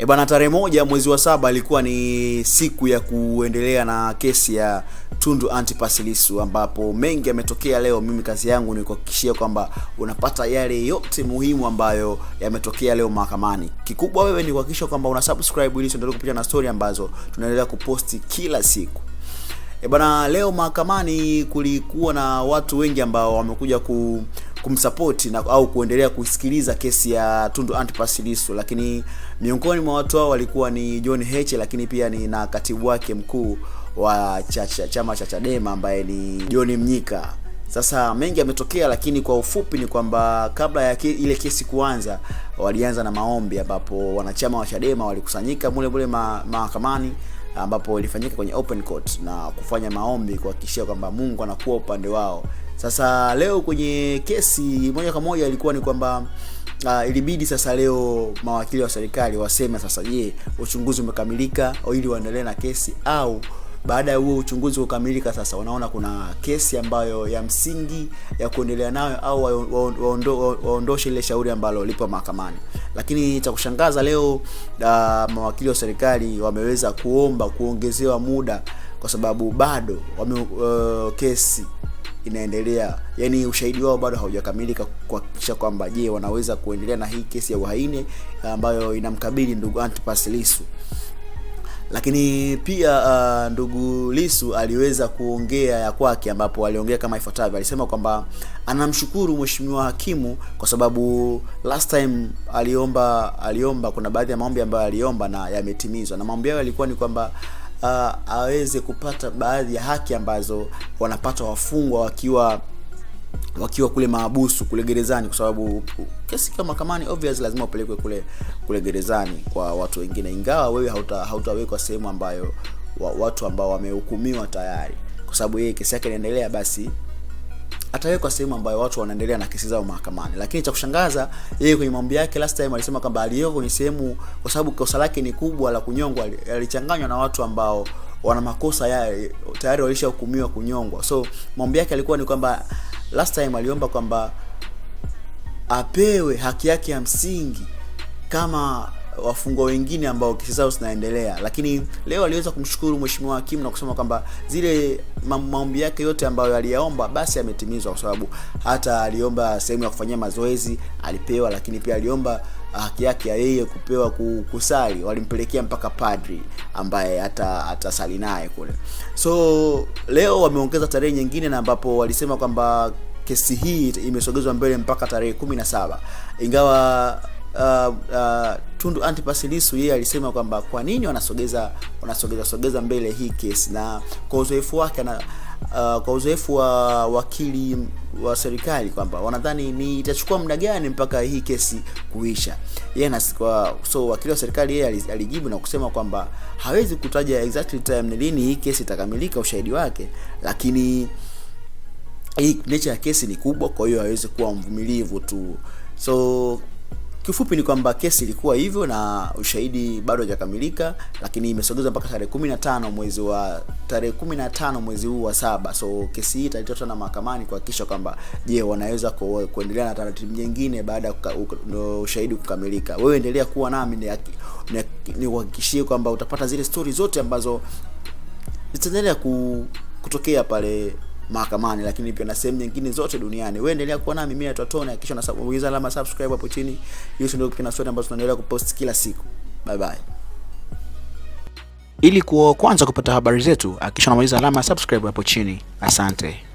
E bwana, tarehe moja mwezi wa saba ilikuwa ni siku ya kuendelea na kesi ya Tundu Antipas Lissu, ambapo mengi yametokea leo. Mimi kazi yangu ni kuhakikishia kwamba unapata yale yote muhimu ambayo yametokea leo mahakamani. Kikubwa wewe ni kuhakikisha kwamba una subscribe ili usiendelee kupita na story ambazo tunaendelea kuposti kila siku. E bwana, leo mahakamani kulikuwa na watu wengi ambao wamekuja ku kumsapoti na au kuendelea kusikiliza kesi ya Tundu Antipas Lissu, lakini miongoni mwa watu hao walikuwa ni John Heche, lakini pia ni na katibu wake mkuu wa chacha, chama cha Chadema ambaye ni John Mnyika. Sasa mengi yametokea, lakini kwa ufupi ni kwamba kabla ya ke, ile kesi kuanza, walianza na maombi ambapo wanachama wa Chadema walikusanyika mule mule mahakamani ambapo ilifanyika kwenye open court na kufanya maombi kuhakikishia kwamba Mungu anakuwa upande wao. Sasa leo kwenye kesi moja kwa moja ilikuwa ni kwamba Uh, ilibidi sasa leo mawakili wa serikali waseme sasa, je, uchunguzi umekamilika ili waendelee na kesi au baada ya huo uchunguzi kukamilika, sasa wanaona kuna kesi ambayo ya msingi ya kuendelea nayo au waondoshe ile shauri ambalo lipo mahakamani. Lakini cha kushangaza leo, da, ah, mawakili wa serikali wameweza kuomba kuongezewa muda kwa sababu bado wame, uh, kesi inaendelea, yani ushahidi wao bado haujakamilika kuhakikisha kwamba je, wanaweza kuendelea na hii kesi ya uhaini eh, ambayo inamkabili ndugu Antipas Lissu lakini pia uh, ndugu Lissu aliweza kuongea ya kwake, ambapo aliongea kama ifuatavyo. Alisema kwamba anamshukuru mheshimiwa hakimu kwa sababu last time aliomba aliomba, kuna baadhi ya maombi ambayo aliomba na yametimizwa, na maombi hayo yalikuwa ni kwamba uh, aweze kupata baadhi ya haki ambazo wanapata wafungwa wakiwa wakiwa kule maabusu kule gerezani, kwa sababu kesi kama mahakamani obviously lazima upelekwe kule kule gerezani kwa watu wengine, ingawa wewe hauta, hautawekwa sehemu ambayo wa, watu ambao wamehukumiwa tayari, kwa sababu yeye kesi yake inaendelea basi atawekwa sehemu ambayo watu wanaendelea na kesi zao mahakamani. Lakini cha kushangaza, yeye kwenye maombi yake last time alisema kwamba aliwekwa kwenye sehemu kwa sababu kosa lake ni kubwa la kunyongwa, alichanganywa na watu ambao wana makosa yale tayari walishahukumiwa kunyongwa. So maombi yake alikuwa ni kwamba last time aliomba kwamba apewe haki yake ya msingi kama wafungwa wengine ambao kesi zao zinaendelea, lakini leo aliweza kumshukuru mheshimiwa hakimu na kusema kwamba zile maombi yake yote ambayo aliyaomba basi yametimizwa, kwa sababu hata aliomba sehemu ya kufanyia mazoezi alipewa, lakini pia aliomba ah, haki yake ya yeye kupewa kusali, walimpelekea mpaka padri ambaye hata atasali naye kule. So leo wameongeza tarehe nyingine, na ambapo walisema kwamba kesi hii imesogezwa mbele mpaka tarehe kumi na saba ingawa uh, uh, Tundu Antipas Lissu yeye alisema kwamba kwa nini wanasogeza wanasogeza sogeza mbele hii kesi, na kwa uzoefu wake na uh, kwa uzoefu wa wakili wa serikali kwamba wanadhani ni itachukua muda gani mpaka hii kesi kuisha. Yeye na so wakili wa serikali yeye alijibu na kusema kwamba hawezi kutaja exactly time ni lini hii kesi itakamilika, ushahidi wake, lakini hii nature ya kesi ni kubwa, kwa hiyo hawezi kuwa mvumilivu tu so Kifupi ni kwamba kesi ilikuwa hivyo na ushahidi bado hajakamilika, lakini imesogezwa mpaka tarehe 15 mwezi wa tarehe 15 mwezi huu wa saba. So kesi hii italetwa na mahakamani kuhakikisha kwamba je, wanaweza kuendelea na taratibu nyingine baada ya ushahidi kukamilika. Wewe endelea kuwa nami nikuhakikishie kwamba utapata zile stori zote ambazo zitaendelea kutokea pale mahakamani, lakini pia na sehemu nyingine zote duniani. Wewe endelea kuwa nami mimi, atatona hakikisha unabonyeza alama subscribe hapo chini. Hiyo ndio kipindi sote ambazo tunaendelea kupost kila siku. Bye bye. Ili kuwa kwanza kupata habari zetu, hakikisha unabonyeza alama subscribe hapo chini. Asante.